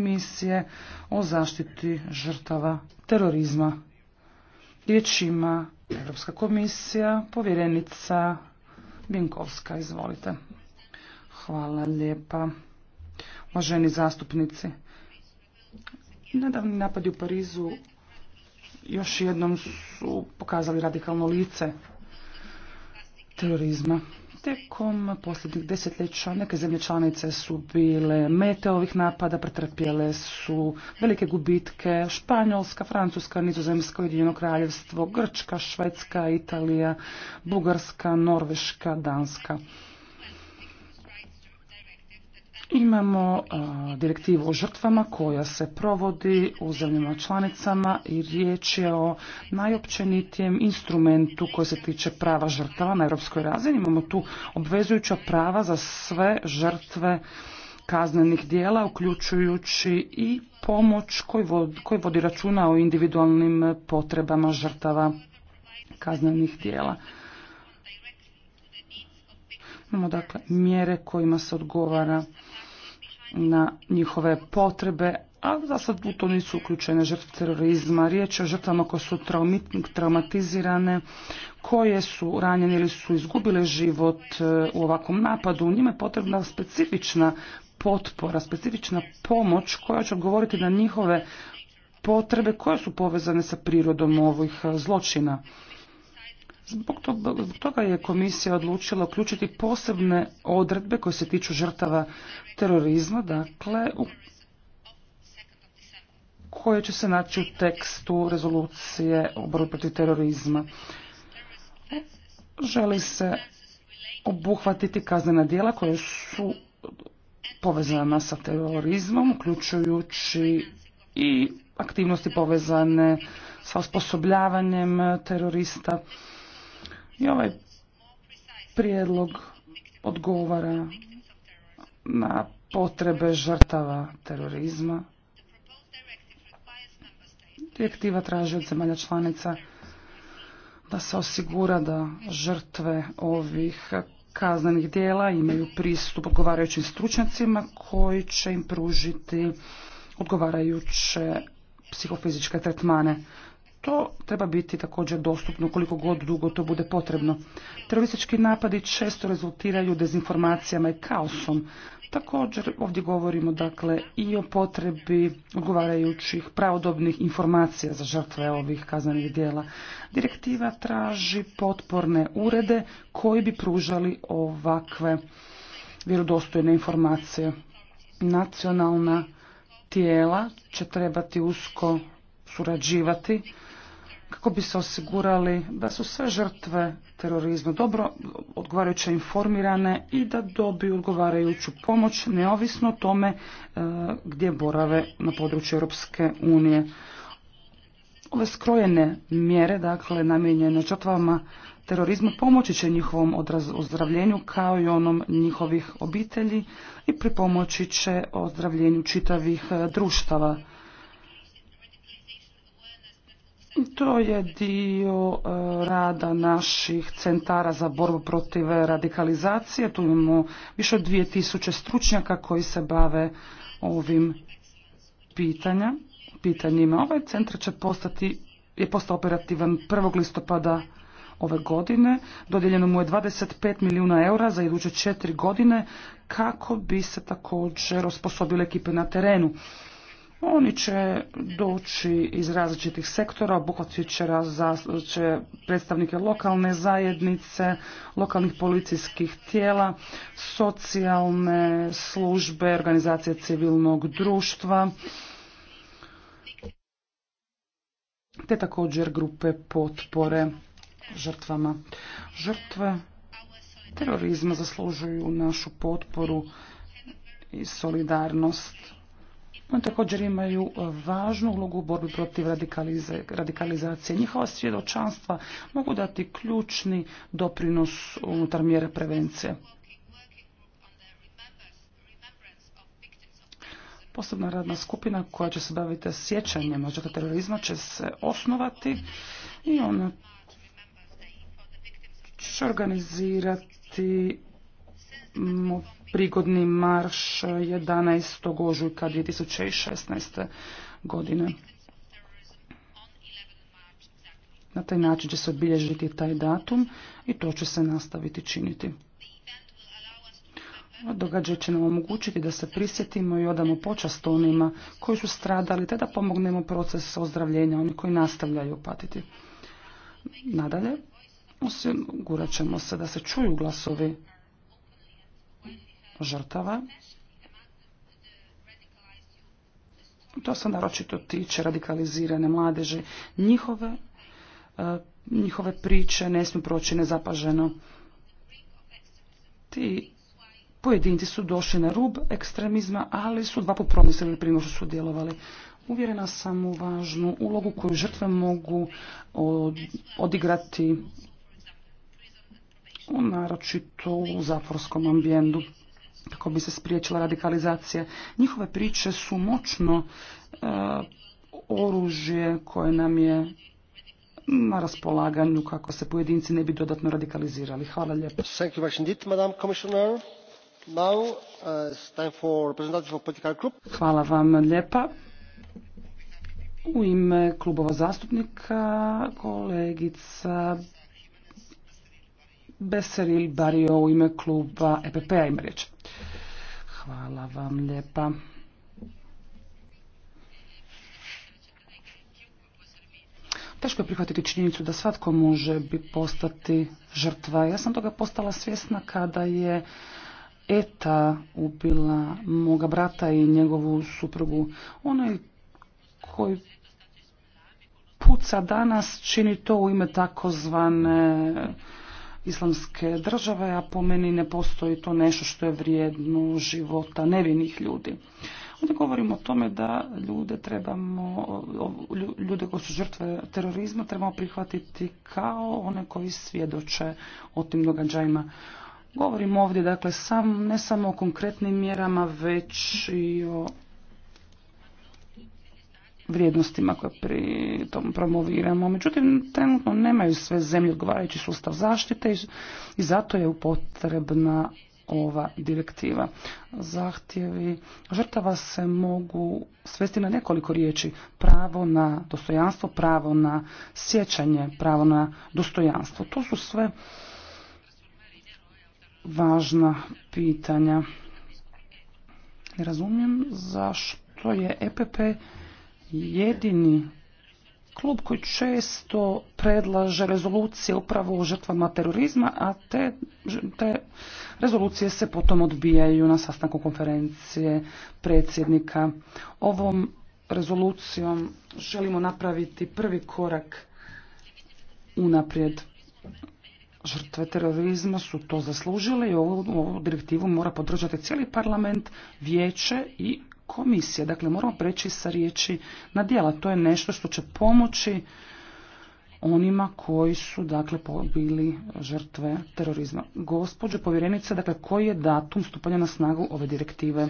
komisije o zaštiti žrtava terorizma. Riječ ima Europska komisija, povjerenica Binkovska, izvolite. Hvala lijepa. Uvaženi zastupnici, nedavni napadi u Parizu još jednom su pokazali radikalno lice terorizma. Tijekom posljednjih desetljeća neke zemlje članice su bile mete ovih napada, pretrpjele su velike gubitke Španjolska, Francuska, Nizozemska, Ujedinjeno kraljevstvo, Grčka, Švedska, Italija, Bugarska, Norveška, Danska. Imamo direktivu o žrtvama koja se provodi u zemljama članicama i riječ je o najopćenitijem instrumentu koji se tiče prava žrtava na europskoj razini. Imamo tu obvezujuća prava za sve žrtve kaznenih dijela, uključujući i pomoć koji vodi, računa o individualnim potrebama žrtava kaznenih dijela. Imamo dakle mjere kojima se odgovara na njihove potrebe, a za sad u to nisu uključene žrtve terorizma. Riječ je o žrtvama koje su traumatizirane, koje su ranjene ili su izgubile život e, u ovakvom napadu. Njima je potrebna specifična potpora, specifična pomoć koja će odgovoriti na njihove potrebe koje su povezane sa prirodom ovih e, zločina. Zbog toga je komisija odlučila uključiti posebne odredbe koje se tiču žrtava terorizma, dakle, koje će se naći u tekstu rezolucije o borbi protiv terorizma. Želi se obuhvatiti kaznena djela koje su povezana sa terorizmom, uključujući i aktivnosti povezane sa osposobljavanjem terorista. I ovaj prijedlog odgovara na potrebe žrtava terorizma. Direktiva traži od zemalja članica da se osigura da žrtve ovih kaznenih dijela imaju pristup odgovarajućim stručnjacima koji će im pružiti odgovarajuće psihofizičke tretmane. To treba biti također dostupno koliko god dugo to bude potrebno. Teroristički napadi često rezultiraju dezinformacijama i kaosom. Također ovdje govorimo dakle i o potrebi odgovarajućih pravodobnih informacija za žrtve ovih kaznenih djela. Direktiva traži potporne urede koji bi pružali ovakve vjerodostojne informacije. Nacionalna tijela će trebati usko surađivati kako bi se osigurali da su sve žrtve terorizma dobro odgovarajuće informirane i da dobiju odgovarajuću pomoć neovisno o tome e, gdje borave na području Europske unije. Ove skrojene mjere, dakle, namijenjene žrtvama terorizmu, pomoći će njihovom ozdravljenju kao i onom njihovih obitelji i pripomoći će ozdravljenju čitavih e, društava. To je dio e, rada naših centara za borbu protiv radikalizacije. Tu imamo više od 2000 stručnjaka koji se bave ovim pitanja, pitanjima. Ovaj centar će postati, je postao operativan 1. listopada ove godine. Dodijeljeno mu je 25 milijuna eura za iduće četiri godine kako bi se također osposobile ekipe na terenu. Oni će doći iz različitih sektora, obuhvatit će, će predstavnike lokalne zajednice, lokalnih policijskih tijela, socijalne službe, organizacije civilnog društva, te također grupe potpore žrtvama. Žrtve terorizma zaslužuju našu potporu i solidarnost. Oni također imaju e, važnu ulogu u borbi protiv radikalizacije. Njihova svjedočanstva mogu dati ključni doprinos unutar mjere prevencije. Posebna radna skupina koja će se baviti sjećanjem žrtva terorizma će se osnovati i ona će organizirati prigodni marš 11. ožujka 2016. godine. Na taj način će se obilježiti taj datum i to će se nastaviti činiti. Događaj će nam omogućiti da se prisjetimo i odamo počast onima koji su stradali, te da pomognemo proces ozdravljenja onih koji nastavljaju patiti. Nadalje, osigurat ćemo se da se čuju glasovi žrtava. To se naročito tiče radikalizirane mladeže. Njihove, e, njihove priče ne smiju proći nezapaženo. Ti pojedinci su došli na rub ekstremizma, ali su dva promislili prije što su djelovali. Uvjerena sam u važnu ulogu koju žrtve mogu odigrati naročito u zaporskom ambijendu kako bi se spriječila radikalizacija. Njihove priče su moćno e, oružje koje nam je na raspolaganju kako se pojedinci ne bi dodatno radikalizirali. Hvala lijepo. Hvala vam lijepa. U ime klubova zastupnika kolegica Beseril Bario u ime kluba EPP-a ima riječ. Hvala vam lijepa. Teško je prihvatiti činjenicu da svatko može bi postati žrtva. Ja sam toga postala svjesna kada je Eta ubila moga brata i njegovu suprugu. Onaj koji puca danas čini to u ime takozvane islamske države, a po meni ne postoji to nešto što je vrijedno života nevinih ljudi. Ovdje govorimo o tome da ljude trebamo, ljude koji su žrtve terorizma trebamo prihvatiti kao one koji svjedoče o tim događajima. Govorimo ovdje dakle sam, ne samo o konkretnim mjerama, već i o vrijednostima koje pri tom promoviramo. Međutim, trenutno nemaju sve zemlje odgovarajući sustav zaštite i zato je upotrebna ova direktiva. Zahtjevi žrtava se mogu svesti na nekoliko riječi. Pravo na dostojanstvo, pravo na sjećanje, pravo na dostojanstvo. To su sve važna pitanja. Ne razumijem zašto je EPP jedini klub koji često predlaže rezolucije upravo o žrtvama terorizma, a te, te rezolucije se potom odbijaju na sastanku konferencije predsjednika. Ovom rezolucijom želimo napraviti prvi korak unaprijed. Žrtve terorizma su to zaslužile i ovu, ovu direktivu mora podržati cijeli parlament, vijeće i komisije. Dakle, moramo preći sa riječi na djela. To je nešto što će pomoći onima koji su dakle bili žrtve terorizma. Gospođo povjerenice, dakle koji je datum stupanja na snagu ove direktive?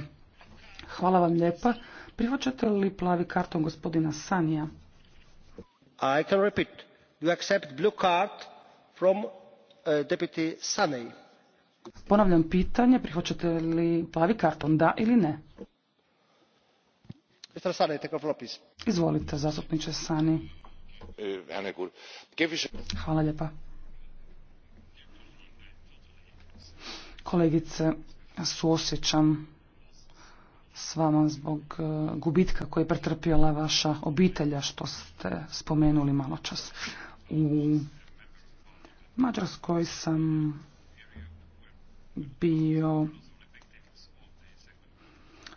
Hvala vam lijepa. Prihvaćate li plavi karton gospodina Sanija? I can repeat. accept blue card from uh, deputy Ponavljam pitanje, prihvaćate li plavi karton, da ili ne? Izvolite, Sani. Eh, Hvala Kolegice, suosjećam s vama zbog eh, gubitka koji je pretrpjela vaša obitelja što ste spomenuli malo čas. U Mađarskoj sam bio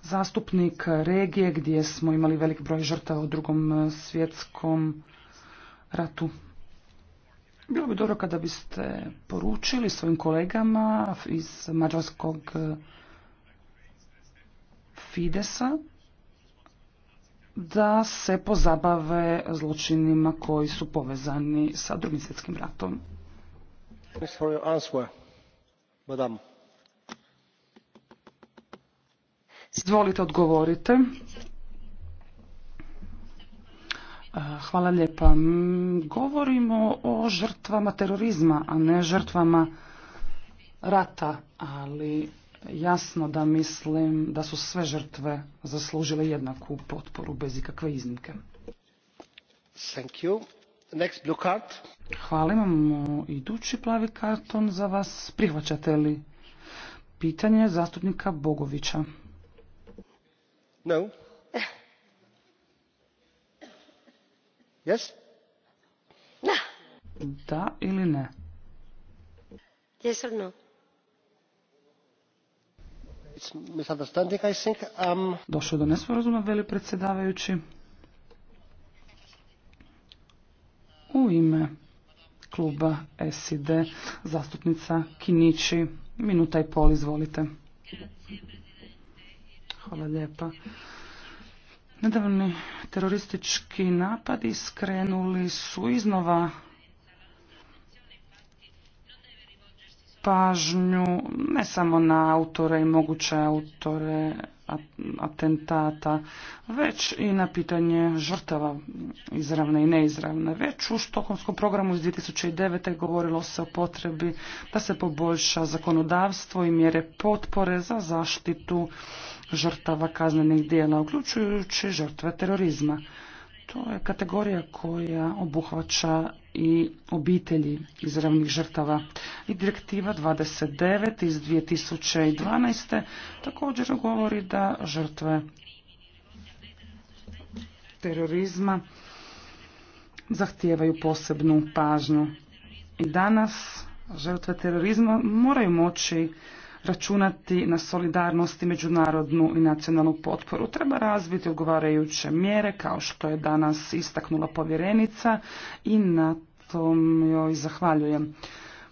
zastupnik regije gdje smo imali velik broj žrtava u drugom e, svjetskom ratu. Bilo bi dobro kada biste poručili svojim kolegama iz mađarskog e, Fidesa da se pozabave zločinima koji su povezani sa drugim svjetskim ratom. Thanks Izvolite, odgovorite. E, hvala lijepa. Govorimo o žrtvama terorizma, a ne žrtvama rata, ali jasno da mislim da su sve žrtve zaslužile jednaku potporu bez ikakve iznimke. Hvala, imamo idući plavi karton za vas. Prihvaćate li pitanje zastupnika Bogovića? no yes da ili ne yes or no It's I think. Um, Došlo do nesporazuma, veli predsjedavajući. U ime kluba SID, zastupnica Kinići, minuta i pol, izvolite. Hvala lijepa. Nedavni teroristički napadi skrenuli su iznova pažnju ne samo na autore i moguće autore atentata, već i na pitanje žrtava izravne i neizravne. Već u štokonskom programu iz 2009. govorilo se o potrebi da se poboljša zakonodavstvo i mjere potpore za zaštitu žrtava kaznenih dijela, uključujući žrtve terorizma. To je kategorija koja obuhvaća i obitelji izravnih žrtava. I direktiva 29 iz 2012. također govori da žrtve terorizma zahtijevaju posebnu pažnju. I danas žrtve terorizma moraju moći računati na solidarnost i međunarodnu i nacionalnu potporu. Treba razviti odgovarajuće mjere kao što je danas istaknula povjerenica i na tom joj zahvaljujem.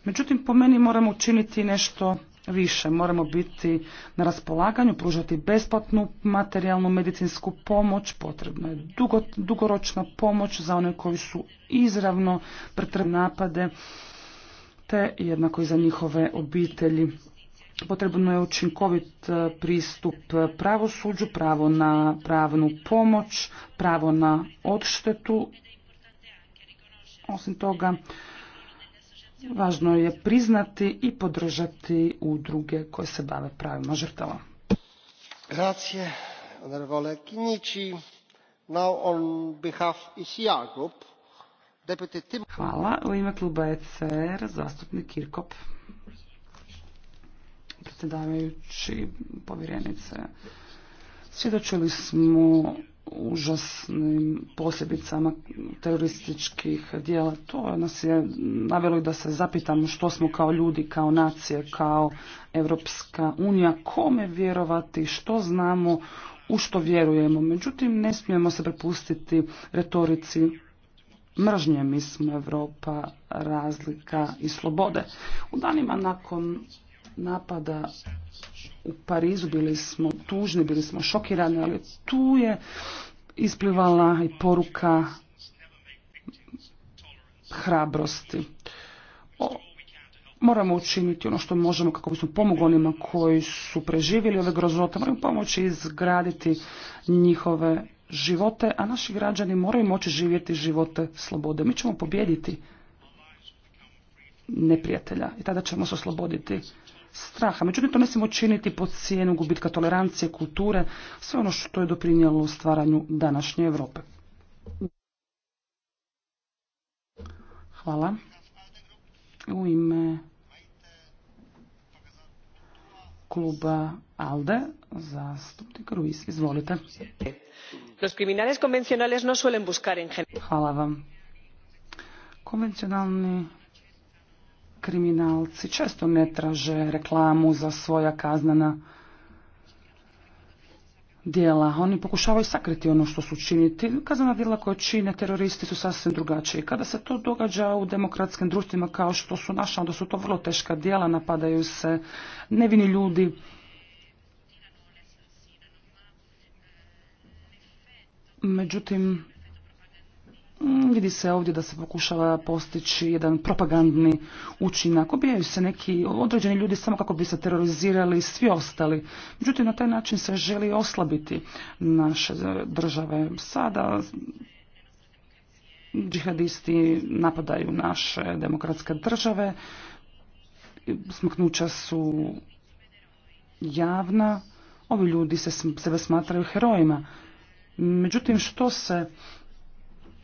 Međutim, po meni moramo učiniti nešto više. Moramo biti na raspolaganju, pružati besplatnu materijalnu medicinsku pomoć, potrebna je dugo, dugoročna pomoć za one koji su izravno pretrebne napade, te jednako i za njihove obitelji. Potrebno je učinkovit e, pristup pravosuđu, pravo na pravnu pomoć, pravo na odštetu. Osim toga, važno je priznati i podržati udruge koje se bave pravima žrtava. Grazie, onorevole Kinići. Now on behalf e Hvala. U ime kluba e zastupnik Kirkop predsjedavajući povjerenice. Svjedočili smo užasnim posljedicama terorističkih dijela. To nas je navjelo i da se zapitamo što smo kao ljudi, kao nacije, kao Evropska unija, kome vjerovati, što znamo, u što vjerujemo. Međutim, ne smijemo se prepustiti retorici mržnje. Mi smo Europa, razlika i slobode. U danima nakon napada u Parizu, bili smo tužni, bili smo šokirani, ali tu je isplivala i poruka hrabrosti. moramo učiniti ono što možemo kako bismo pomogli onima koji su preživjeli ove grozote, moramo pomoći izgraditi njihove živote, a naši građani moraju moći živjeti živote slobode. Mi ćemo pobijediti neprijatelja i tada ćemo se osloboditi straha. Međutim, to ne smijemo činiti pod cijenu gubitka tolerancije, kulture, sve ono što je doprinijelo u stvaranju današnje Europe. Hvala. U ime kluba ALDE, zastupnik Ruiz, izvolite. Los criminales convencionales no Hvala vam. Konvencionalni kriminalci često ne traže reklamu za svoja kaznana djela. Oni pokušavaju sakriti ono što su činiti. Kaznana djela koja čine teroristi su sasvim drugačiji. Kada se to događa u demokratskim društvima kao što su naša, onda su to vrlo teška djela, napadaju se nevini ljudi. Međutim, Mm, vidi se ovdje da se pokušava postići jedan propagandni učinak. Obijaju se neki određeni ljudi samo kako bi se terorizirali i svi ostali. Međutim, na taj način se želi oslabiti naše države. Sada džihadisti napadaju naše demokratske države. Smaknuća su javna. Ovi ljudi se sebe smatraju herojima. Međutim, što se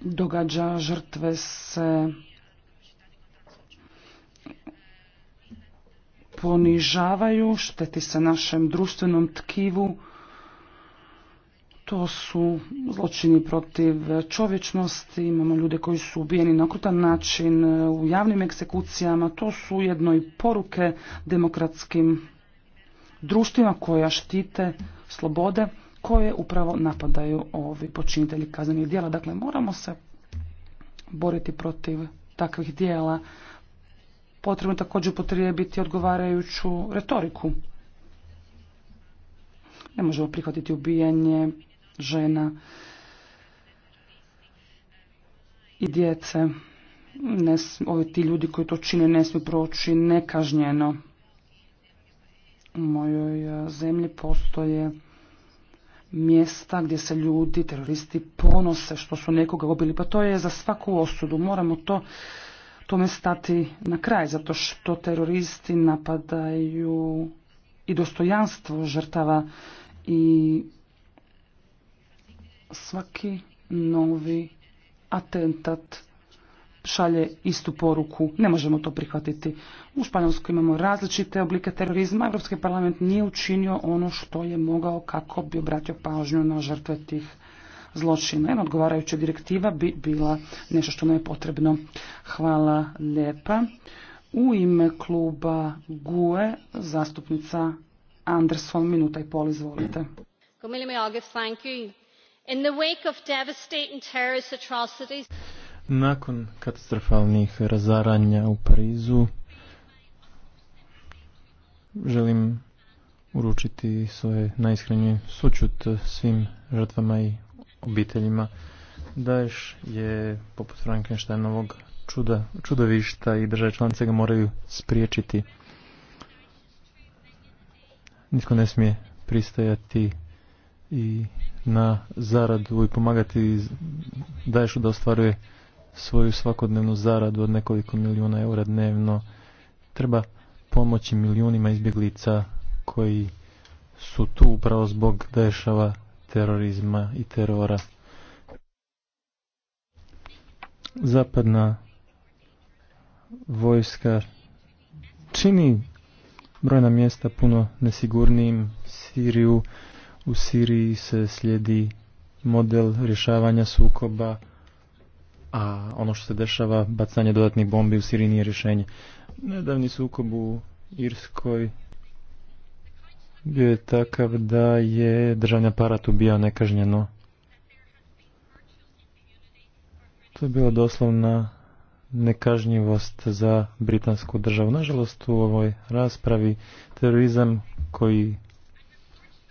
događa, žrtve se ponižavaju, šteti se našem društvenom tkivu. To su zločini protiv čovječnosti, imamo ljude koji su ubijeni na krutan način u javnim eksekucijama. To su jedno i poruke demokratskim društvima koja štite slobode koje upravo napadaju ovi počinitelji kaznenih djela. Dakle, moramo se boriti protiv takvih djela. Potrebno je također potrijebiti odgovarajuću retoriku. Ne možemo prihvatiti ubijanje žena i djece. Ne, ovi ti ljudi koji to čine ne smiju proći nekažnjeno. U mojoj eh, zemlji postoje mjesta gdje se ljudi, teroristi ponose što su nekoga obili. Pa to je za svaku osudu. Moramo to tome stati na kraj, zato što teroristi napadaju i dostojanstvo žrtava i svaki novi atentat šalje istu poruku. Ne možemo to prihvatiti. U Španjolskoj imamo različite oblike terorizma. Europski parlament nije učinio ono što je mogao kako bi obratio pažnju na žrtve tih zločina. Jedna odgovarajuća direktiva bi bila nešto što nam je potrebno. Hvala lijepa. U ime kluba GUE zastupnica Anderson, minuta i pol, izvolite. In the wake nakon katastrofalnih razaranja u Parizu želim uručiti svoje najiskrenije sućut svim žrtvama i obiteljima. Daješ je poput Frankensteinovog čuda, čudovišta i države članice ga moraju spriječiti. Nitko ne smije pristajati i na zaradu i pomagati Daješu da ostvaruje svoju svakodnevnu zaradu od nekoliko milijuna eura dnevno. Treba pomoći milijunima izbjeglica koji su tu upravo zbog dešava terorizma i terora. Zapadna vojska čini brojna mjesta puno nesigurnijim Siriju. U Siriji se slijedi model rješavanja sukoba a ono što se dešava, bacanje dodatnih bombi u Siriji nije rješenje. Nedavni sukob u Irskoj bio je takav da je državni aparat ubijao nekažnjeno. To je bila doslovna nekažnjivost za britansku državu. Nažalost, u ovoj raspravi terorizam koji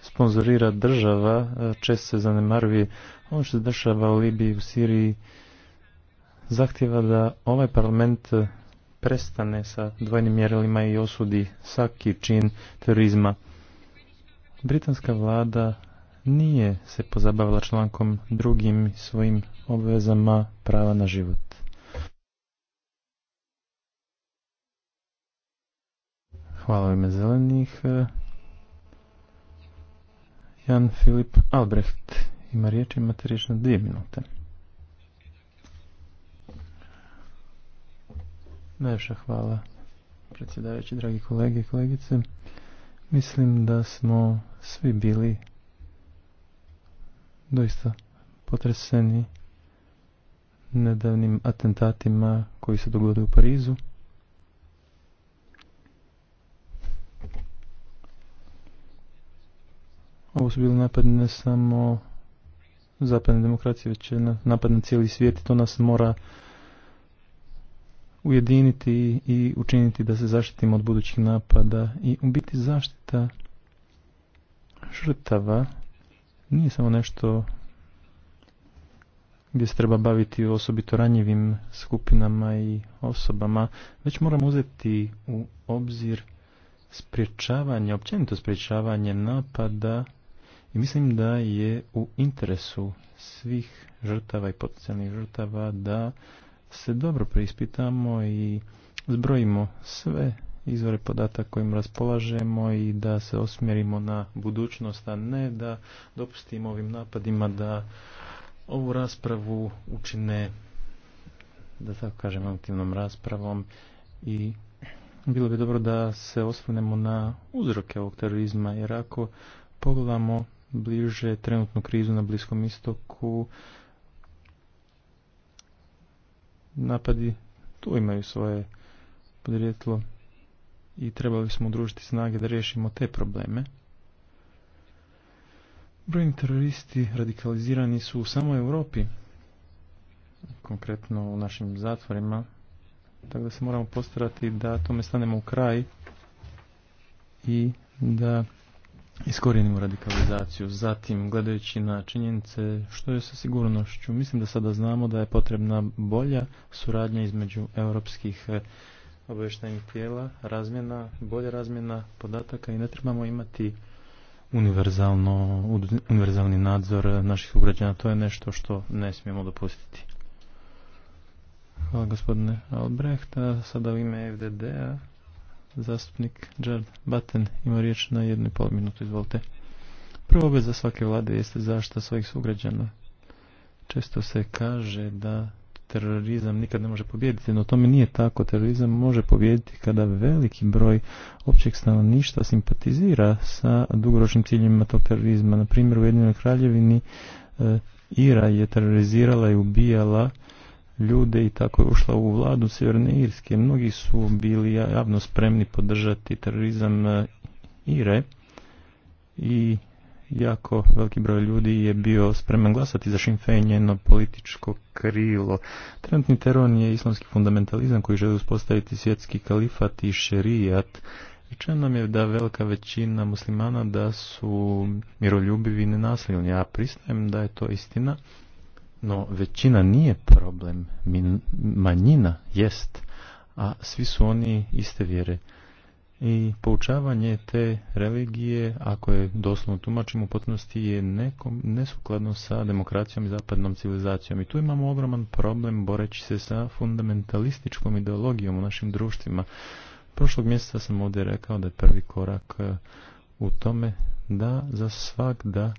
sponzorira država e, često se zanemaruje. Ono što se dešava u Libiji, u Siriji, zahtjeva da ovaj parlament e, prestane sa dvojnim mjerilima i osudi svaki čin terorizma. Britanska vlada nije se pozabavila člankom drugim svojim obvezama prava na život. Hvala ime zelenih. E, Jan Filip Albrecht ima riječ, imate riječ na dvije minute. Najviše hvala predsjedavajući, dragi kolege i kolegice. Mislim da smo svi bili doista potreseni nedavnim atentatima koji se dogodili u Parizu. Ovo su bili napadne ne samo zapadne demokracije, već napad na cijeli svijet i to nas mora ujediniti i učiniti da se zaštitimo od budućih napada i u biti zaštita žrtava nije samo nešto gdje se treba baviti osobito ranjivim skupinama i osobama, već moramo uzeti u obzir sprječavanje, općenito sprječavanje napada i mislim da je u interesu svih žrtava i potencijalnih žrtava da se dobro preispitamo i zbrojimo sve izvore podataka kojim raspolažemo i da se osmjerimo na budućnost, a ne da dopustimo ovim napadima da ovu raspravu učine, da tako kažem, aktivnom raspravom i bilo bi dobro da se osvrnemo na uzroke ovog terorizma, jer ako pogledamo bliže trenutnu krizu na Bliskom istoku, napadi tu imaju svoje podrijetlo i trebali smo udružiti snage da riješimo te probleme. Brojni teroristi radikalizirani su u samoj Europi, konkretno u našim zatvorima, tako da se moramo postarati da tome stanemo u kraj i da iskorijenimo radikalizaciju. Zatim, gledajući na činjenice što je sa sigurnošću, mislim da sada znamo da je potrebna bolja suradnja između europskih eh, obavještajnih tijela, razmjena, bolja razmjena podataka i ne trebamo imati univerzalno, univerzalni nadzor eh, naših ugrađana. To je nešto što ne smijemo dopustiti. Hvala gospodine Albrecht. Sada u ime FDD-a Zastupnik Jared Batten ima riječ na jednu i pol minutu, izvolite. Prvo obveza svake vlade jeste zašta svojih sugrađana. Često se kaže da terorizam nikad ne može pobijediti, no tome nije tako. Terorizam može pobijediti kada veliki broj općeg stanovništva simpatizira sa dugoročnim ciljima tog terorizma. Na primjer, u Jedinoj kraljevini eh, Ira je terorizirala i ubijala ljude i tako je ušla u vladu Sjeverne Irske. Mnogi su bili javno spremni podržati terorizam e, Ire i jako veliki broj ljudi je bio spreman glasati za Sinn na političko krilo. Trenutni teron je islamski fundamentalizam koji želi uspostaviti svjetski kalifat i šerijat. Rečeno nam je da velika većina muslimana da su miroljubivi i nenasilni. Ja pristajem da je to istina, no, većina nije problem, manjina jest, a svi su oni iste vjere. I poučavanje te religije, ako je doslovno tumačimo u potpunosti, je nekom, nesukladno sa demokracijom i zapadnom civilizacijom. I tu imamo ogroman problem boreći se sa fundamentalističkom ideologijom u našim društvima. Prošlog mjeseca sam ovdje rekao da je prvi korak eh, u tome da za svak da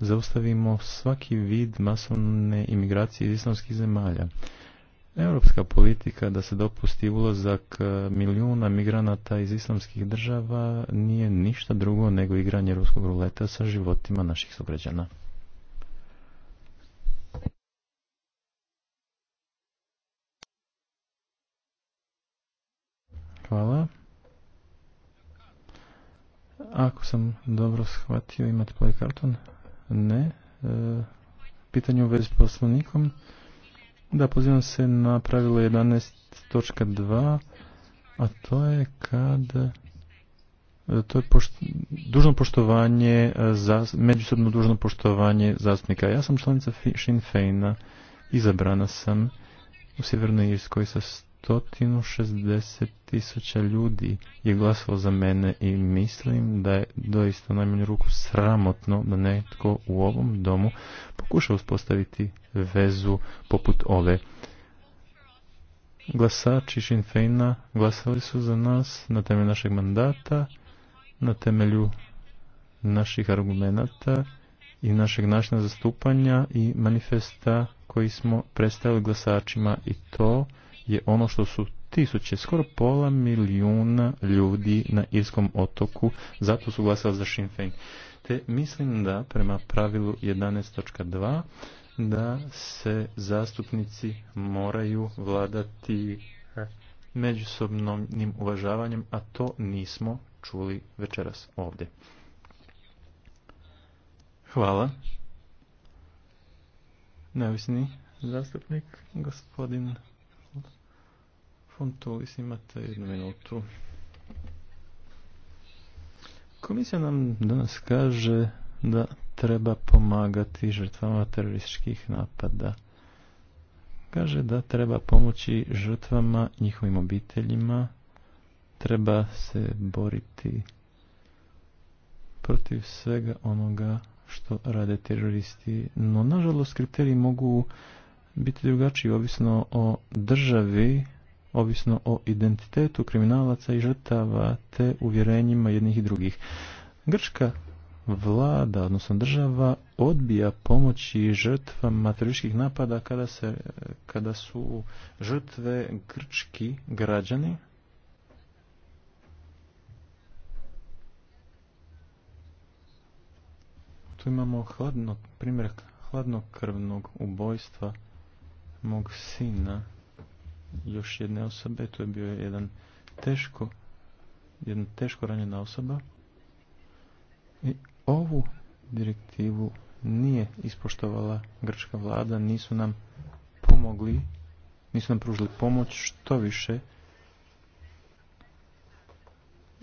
zaustavimo svaki vid masovne imigracije iz islamskih zemalja. Europska politika da se dopusti ulazak e, milijuna migranata iz islamskih država nije ništa drugo nego igranje ruskog ruleta sa životima naših sugrađana. Hvala. Ako sam dobro shvatio, imate play karton? Ne. E, pitanje u vezi s poslovnikom. Da, pozivam se na pravilo 11.2, a to je kad e, to je dužno poštovanje, e, za, međusobno dužno poštovanje zastupnika. Ja sam članica Sinn Feina, izabrana sam u Sjevernoj Irskoj sa šestdeset tisuća ljudi je glasalo za mene i mislim da je doista najmanju ruku sramotno da netko u ovom domu pokuša uspostaviti vezu poput ove. Glasači Sinn glasali su za nas na temelju našeg mandata, na temelju naših argumenata i našeg načina zastupanja i manifesta koji smo predstavili glasačima i to je ono što su tisuće, skoro pola milijuna ljudi na Irskom otoku, zato su glasali za Sinn Te mislim da prema pravilu 11.2 da se zastupnici moraju vladati eh, međusobnim uvažavanjem, a to nismo čuli večeras ovdje. Hvala. Neovisni zastupnik, gospodin to imate jednu Komisija nam danas kaže da treba pomagati žrtvama terorističkih napada. Kaže da treba pomoći žrtvama, njihovim obiteljima, treba se boriti protiv svega onoga što rade teroristi. No, nažalost, kriteriji mogu biti drugačiji, ovisno o državi ovisno o identitetu kriminalaca i žrtava te uvjerenjima jednih i drugih. Grčka vlada, odnosno država, odbija pomoći žrtvama terorističkih napada kada, se, kada su žrtve grčki građani. Tu imamo hladno, primjer hladnokrvnog ubojstva mog sina još jedne osobe, to je bio jedan teško, jedna teško ranjena osoba. I ovu direktivu nije ispoštovala grčka vlada, nisu nam pomogli, nisu nam pružili pomoć, što više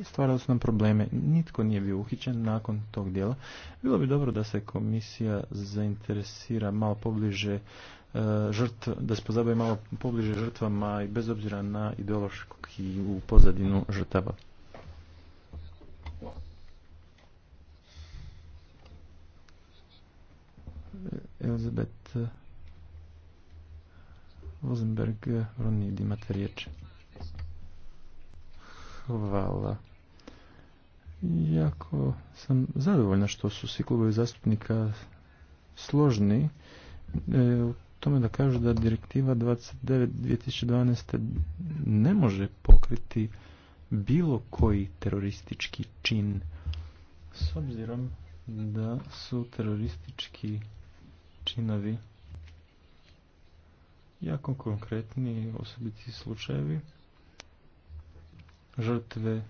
stvarali su nam probleme. Nitko nije bio uhićen nakon tog dijela. Bilo bi dobro da se komisija zainteresira malo pobliže E, žrt, da se pozabavi malo pobliže žrtvama i bez obzira na ideološki u pozadinu žrtava. Elizabeth e, Rosenberg, imate riječ. Hvala. Jako sam zadovoljna što su svi klubovi zastupnika složni. E, tome da kažu da direktiva 29 ne može pokriti bilo koji teroristički čin s obzirom da su teroristički činovi jako konkretni osobiti slučajevi žrtve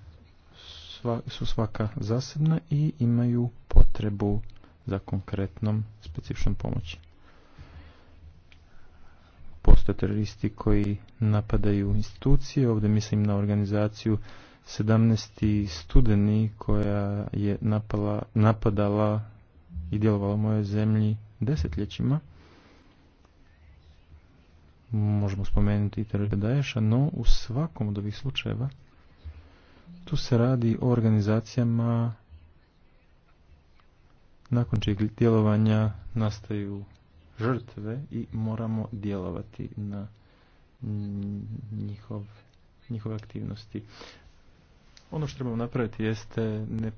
su svaka zasebna i imaju potrebu za konkretnom specifičnom pomoći to teroristi koji napadaju institucije. Ovdje mislim na organizaciju 17. studeni koja je napala, napadala i djelovala u mojoj zemlji desetljećima. Možemo spomenuti i teroriste no u svakom od ovih slučajeva tu se radi o organizacijama nakon čijeg djelovanja nastaju žrtve i moramo djelovati na njihov, njihove aktivnosti. Ono što trebamo napraviti jeste ne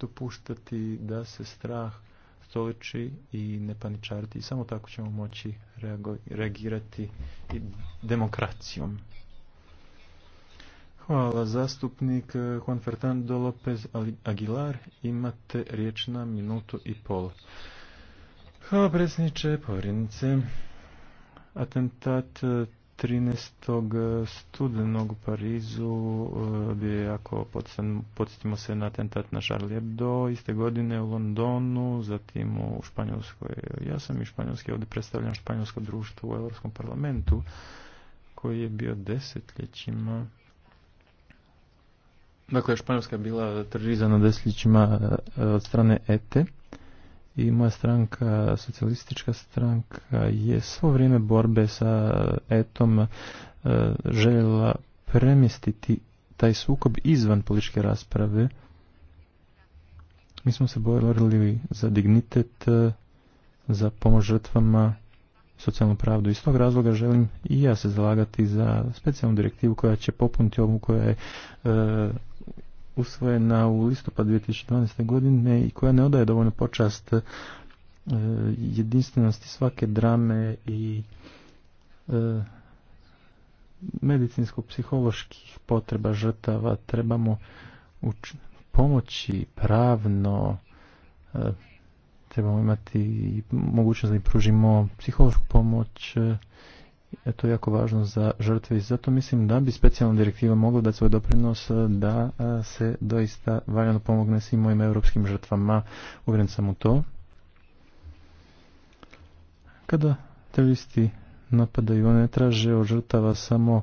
dopuštati da se strah stoliči i ne paničariti. samo tako ćemo moći reagirati i demokracijom. Hvala zastupnik Juan Fernando López Aguilar. Imate riječ na minutu i pol. Hvala predsjedniče, povjerenice. Atentat 13. Eh, eh, studenog u Parizu eh, bi je jako, podsjetimo se na atentat na Charlie Hebdo, iste godine u Londonu, zatim u Španjolskoj. Ja sam i Španjolski, ovdje predstavljam Španjolsko društvo u Europskom parlamentu, koji je bio desetljećima Dakle, Španjolska je bila terorizana desetljećima od strane ETE i moja stranka, socijalistička stranka, je svo vrijeme borbe sa etom e, željela premjestiti taj sukob izvan političke rasprave. Mi smo se borili za dignitet, e, za pomoć žrtvama, socijalnu pravdu. Iz tog razloga želim i ja se zalagati za specijalnu direktivu koja će popuniti ovu koja je e, usvojena u listopad 2012. godine i koja ne odaje dovoljno počast e, jedinstvenosti svake drame i e, medicinsko-psiholoških potreba žrtava trebamo pomoći pravno e, trebamo imati mogućnost da im pružimo psihološku pomoć je to jako važno za žrtve i zato mislim da bi specijalna direktiva mogla dati svoj doprinos e, da e, se doista valjano pomogne svim mojim europskim žrtvama. Uvjeren sam u to. Kada teroristi napadaju, one traže od žrtava samo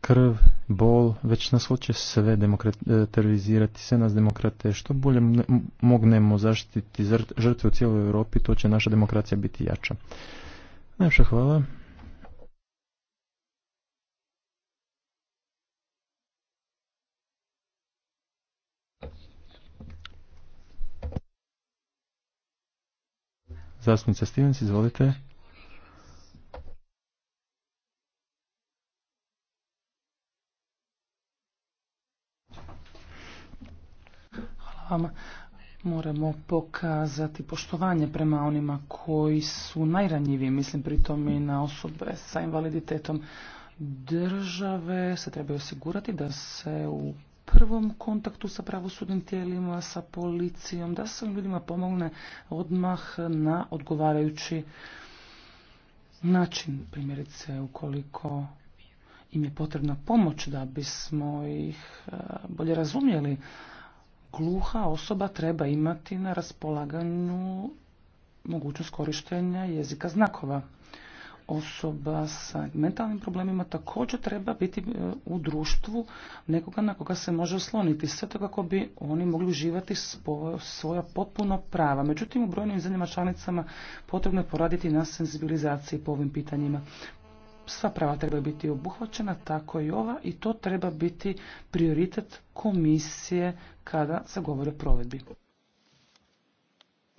krv, bol, već nas hoće sve e, terorizirati, sve nas demokrate. Što bolje mognemo zaštititi žrtve u cijeloj Europi, to će naša demokracija biti jača. Najviše hvala. Zastupnica Stevens, izvolite. Hvala vama. Moramo pokazati poštovanje prema onima koji su najranjiviji, mislim pritom i na osobe sa invaliditetom. Države se trebaju osigurati da se u prvom kontaktu sa pravosudnim tijelima, sa policijom, da se ljudima pomogne odmah na odgovarajući način, primjerice ukoliko im je potrebna pomoć da bismo ih e, bolje razumjeli. Gluha osoba treba imati na raspolaganju mogućnost korištenja jezika znakova osoba sa mentalnim problemima također treba biti e, u društvu nekoga na koga se može osloniti, sve to kako bi oni mogli uživati svoja potpuno prava. Međutim, u brojnim zemljama članicama potrebno je poraditi na senzibilizaciji po ovim pitanjima. Sva prava treba biti obuhvaćena, tako i ova, i to treba biti prioritet komisije kada se govori o provedbi.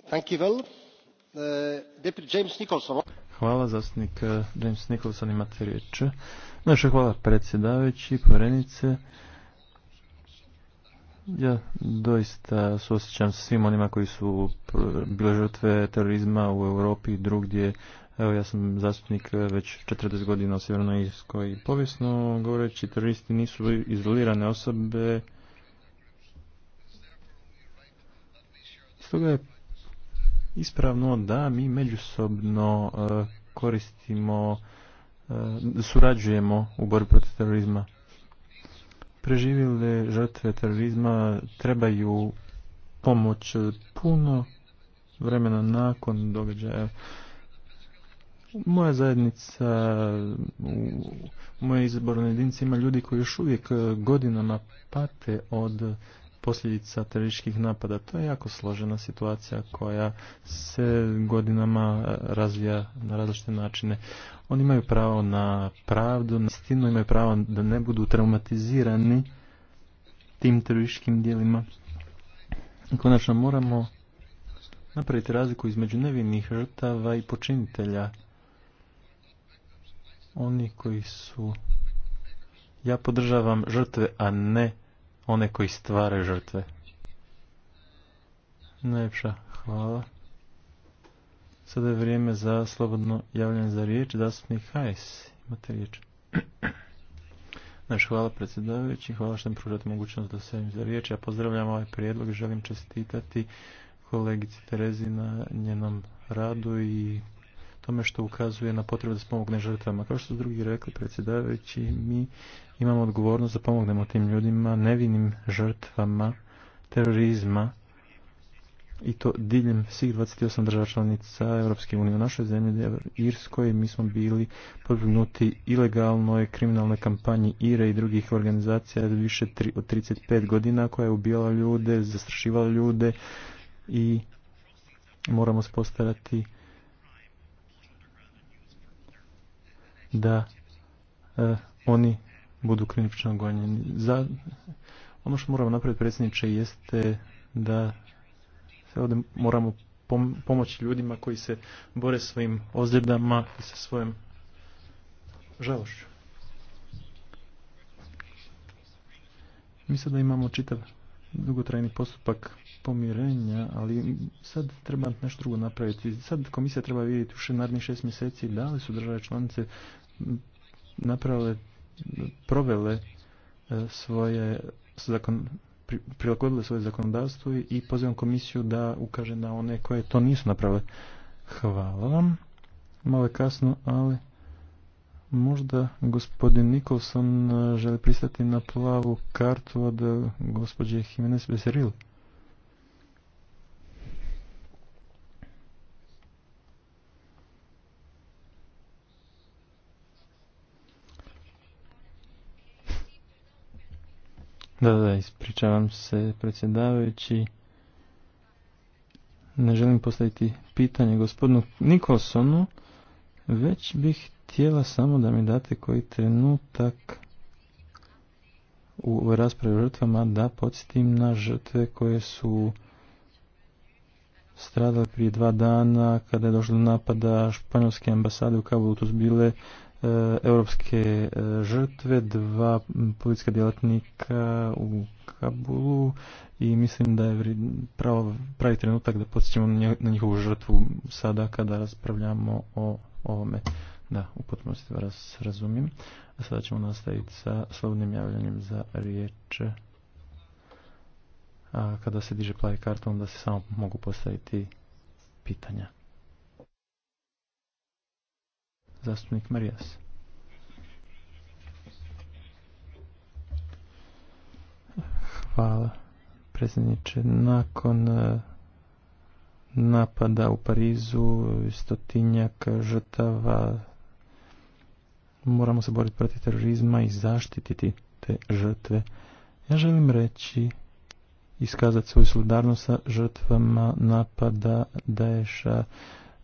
Thank you uh, James Nicholson. Hvala, zastupnik eh, James Nicholson imate riječ. Naša hvala predsjedavajući, povjerenice. Ja doista suosjećam sa svim onima koji su bile žrtve terorizma u Europi i drugdje. Evo, ja sam zastupnik eh, već 40 godina u Sjevernoj i Povijesno govoreći, teroristi nisu izolirane osobe. Stoga je ispravno da mi međusobno e, koristimo, e, surađujemo u borbi protiv terorizma. Preživjele žrtve terorizma trebaju pomoć puno vremena nakon događaja. Moja zajednica, u mojoj izbornoj ima ljudi koji još uvijek godinama pate od posljedica terorističkih napada. To je jako složena situacija koja se godinama razvija na različite načine. Oni imaju pravo na pravdu, na istinu imaju pravo da ne budu traumatizirani tim terorističkim dijelima. Konačno moramo napraviti razliku između nevinih žrtava i počinitelja. Oni koji su... Ja podržavam žrtve, a ne one koji stvaraju žrtve. Najljepša hvala. Sada je vrijeme za slobodno javljanje za riječ. Zastupnik Hajs, imate riječ. Naš hvala predsjedavajući, hvala što mi pružate mogućnost da se im za riječ. Ja pozdravljam ovaj prijedlog i želim čestitati kolegici Terezi na njenom radu i tome što ukazuje na potrebu da se pomogne žrtvama. Kao što su drugi rekli, predsjedavajući, mi imamo odgovornost da pomognemo tim ljudima, nevinim žrtvama terorizma i to diljem svih 28 država članica Europske unije. U našoj zemlji Irskoj mi smo bili podvrgnuti ilegalnoj kriminalnoj kampanji IRE i drugih organizacija više tri, od 35 godina koja je ubijala ljude, zastrašivala ljude i moramo spostarati da e, oni budu klinično gonjeni. Za, ono što moramo napraviti predsjedniče jeste da se ovdje moramo pomoći ljudima koji se bore svojim ozljedama i sa svojom žalošću. Mi sada imamo čitav dugotrajni postupak pomirenja, ali sad treba nešto drugo napraviti. Sad komisija treba vidjeti u narednih šest mjeseci da li su države članice napravile, provele e, svoje zakon, prilagodile svoje zakonodavstvo i pozivam komisiju da ukaže na one koje to nisu napravile. Hvala vam. Malo je kasno, ali Možda gospodin Nikolson e, želi pristati na plavu kartu od e, gospođe Jimenez Beseril. Da, da, ispričavam se predsjedavajući. Ne želim postaviti pitanje gospodinu Nikolsonu, već bih htjela samo da mi date koji trenutak u raspravi o žrtvama da podsjetim na žrtve koje su stradale prije dva dana kada je došlo do napada španjolske ambasade u Kabulu. To su bile e, europske e, žrtve, dva politička djelatnika u Kabulu i mislim da je pravo, pravi trenutak da podsjetimo na njihovu žrtvu sada kada raspravljamo o ovome. Da, u potpunosti vas razumijem. A sada ćemo nastaviti sa slobodnim javljanjem za riječ. A kada se diže plavi karton da se samo mogu postaviti pitanja. Zastupnik Marijas. Hvala predsjedniče. Nakon e, napada u Parizu stotinjak žrtava moramo se boriti protiv terorizma i zaštititi te žrtve. Ja želim reći, iskazati svoju solidarnost sa žrtvama napada Daesha.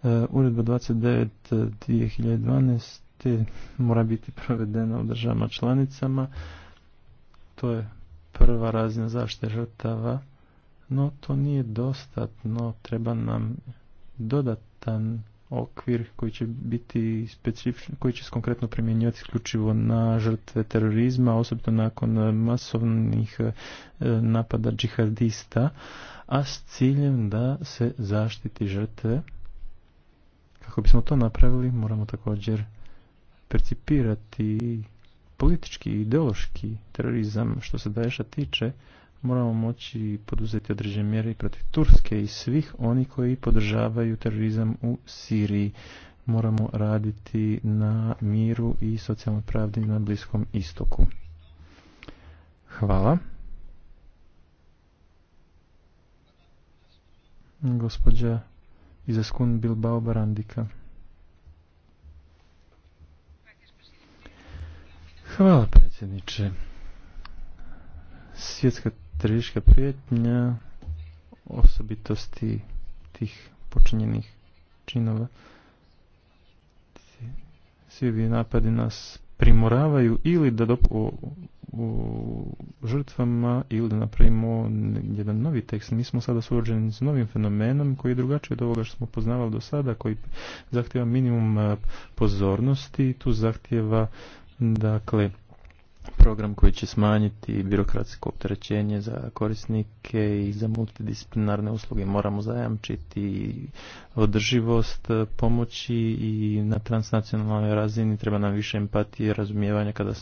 E, Uredba 29 2012. mora biti provedena u državama članicama. To je prva razina zaštite žrtava, no to nije dostatno, treba nam dodatan okvir koji će biti specifičan, koji će se konkretno primjenjivati isključivo na žrtve terorizma, osobito nakon e, masovnih e, napada džihadista, a s ciljem da se zaštiti žrtve. Kako bismo to napravili, moramo također percipirati politički i ideološki terorizam što se daješa tiče moramo moći poduzeti određene mjere protiv Turske i svih oni koji podržavaju terorizam u Siriji. Moramo raditi na miru i socijalnoj pravdi na Bliskom istoku. Hvala. Gospođa Izaskun Bilbao Barandika. Hvala predsjedniče. Svjetska teroristička prijetnja, osobitosti tih počinjenih činova. Svi bi napadi nas primoravaju ili da do u, žrtvama ili da napravimo jedan novi tekst. Mi smo sada suođeni s novim fenomenom koji je drugačiji od ovoga što smo poznavali do sada, koji zahtjeva minimum eh, pozornosti, tu zahtjeva dakle program koji će smanjiti birokratsko opterećenje za korisnike i za multidisciplinarne usluge. Moramo zajamčiti održivost pomoći i na transnacionalnoj razini treba nam više empatije razumijevanja kada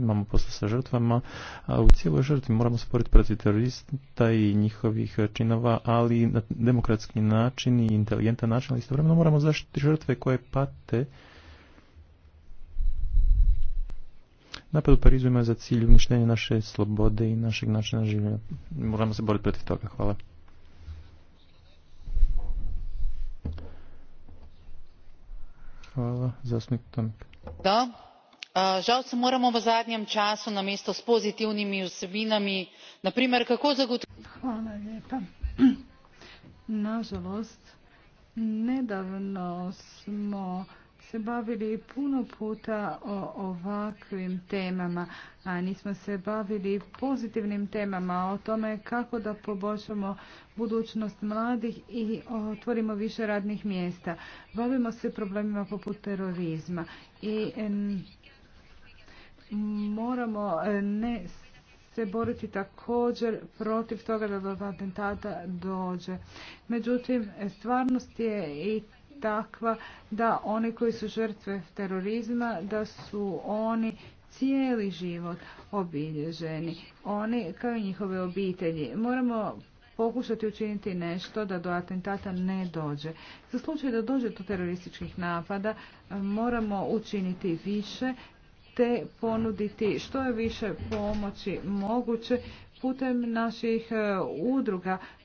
imamo posla sa žrtvama. A u cijeloj žrtvi moramo sporiti protiv terorista i njihovih činova, ali na demokratski način i inteligentan način, ali istovremeno moramo zaštiti žrtve koje pate Napad u Parizu ima za cilj uništenje naše slobode i našeg načina življenja. Moramo se boriti protiv toga. Hvala. Hvala. Zasnik Tomik. Da. Žal se moramo v zadnjem času na mjesto s pozitivnimi vsebinami, naprimer kako zagotoviti... Hvala lijepa. Nažalost, nedavno smo se bavili puno puta o ovakvim temama, a nismo se bavili pozitivnim temama, o tome kako da poboljšamo budućnost mladih i otvorimo više radnih mjesta. Bavimo se problemima poput terorizma i moramo ne se boriti također protiv toga da do atentata dođe. Međutim, stvarnost je i takva da oni koji su žrtve terorizma, da su oni cijeli život obilježeni. Oni kao i njihove obitelji. Moramo pokušati učiniti nešto da do atentata ne dođe. Za slučaj da dođe do terorističkih napada moramo učiniti više te ponuditi što je više pomoći moguće putem naših e, udruga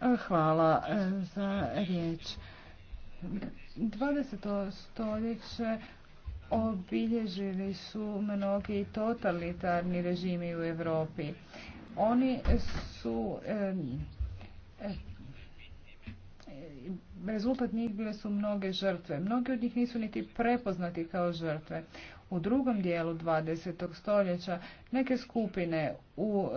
Hvala e, za riječ. 20. stoljeće obilježili su mnogi totalitarni režimi u Europi. Oni su e, e, rezultat njih bile su mnoge žrtve. Mnogi od njih nisu niti prepoznati kao žrtve u drugom dijelu 20. stoljeća neke skupine u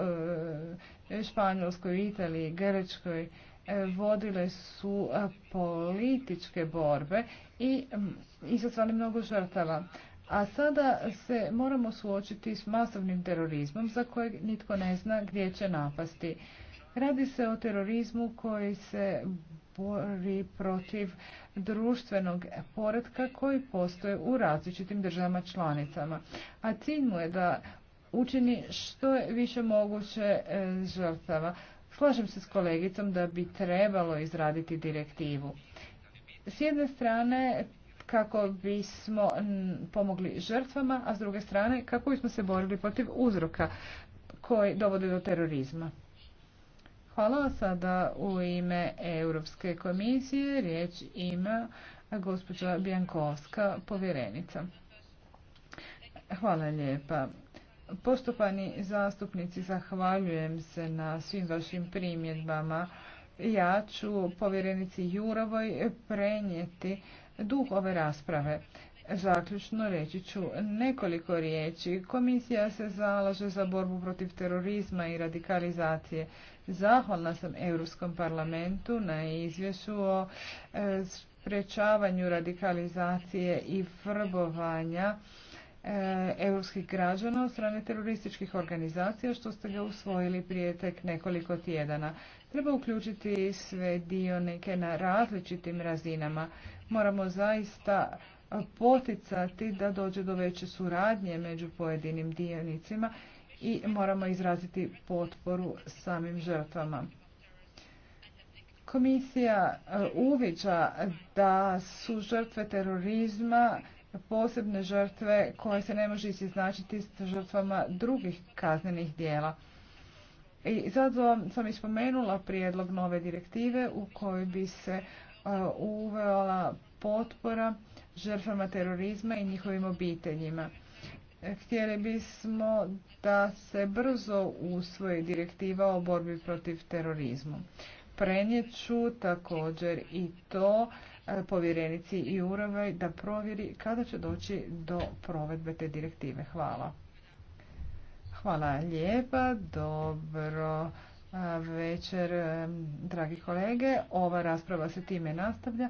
e, Španjolskoj, Italiji, Grčkoj e, vodile su e, političke borbe i izazvali mnogo žrtava. A sada se moramo suočiti s masovnim terorizmom za kojeg nitko ne zna gdje će napasti. Radi se o terorizmu koji se bori protiv društvenog poretka koji postoje u različitim državama članicama. A cilj mu je da učini što je više moguće e, žrtava. Slažem se s kolegicom da bi trebalo izraditi direktivu. S jedne strane kako bismo pomogli žrtvama, a s druge strane kako bismo se borili protiv uzroka koji dovode do terorizma. Hvala sada u ime Europske komisije. Riječ ima gospođa Bjankovska, povjerenica. Hvala lijepa. Postupani zastupnici, zahvaljujem se na svim vašim primjedbama. Ja ću povjerenici Jurovoj prenijeti duh ove rasprave. Zaključno reći ću nekoliko riječi. Komisija se zalaže za borbu protiv terorizma i radikalizacije. Zahvalna sam Europskom parlamentu na izvješću o e, sprečavanju radikalizacije i vrbovanja e, europskih građana od strane terorističkih organizacija što ste ga usvojili prije tek nekoliko tjedana. Treba uključiti sve dionike na različitim razinama. Moramo zaista poticati da dođe do veće suradnje među pojedinim dionicima i moramo izraziti potporu samim žrtvama. Komisija e, uviđa da su žrtve terorizma posebne žrtve koje se ne može izjednačiti s žrtvama drugih kaznenih dijela. I zato sam ispomenula prijedlog nove direktive u kojoj bi se e, uvela potpora žrtvama terorizma i njihovim obiteljima. E, htjeli bismo da se brzo usvoji direktiva o borbi protiv terorizmu. Prenijet ću također i to e, povjerenici i uravaj da provjeri kada će doći do provedbe te direktive. Hvala. Hvala lijepa, dobro e, večer, dragi kolege. Ova rasprava se time nastavlja.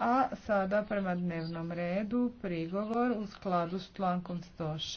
A sada prema dnevnom redu prigovor u skladu s člankom 106.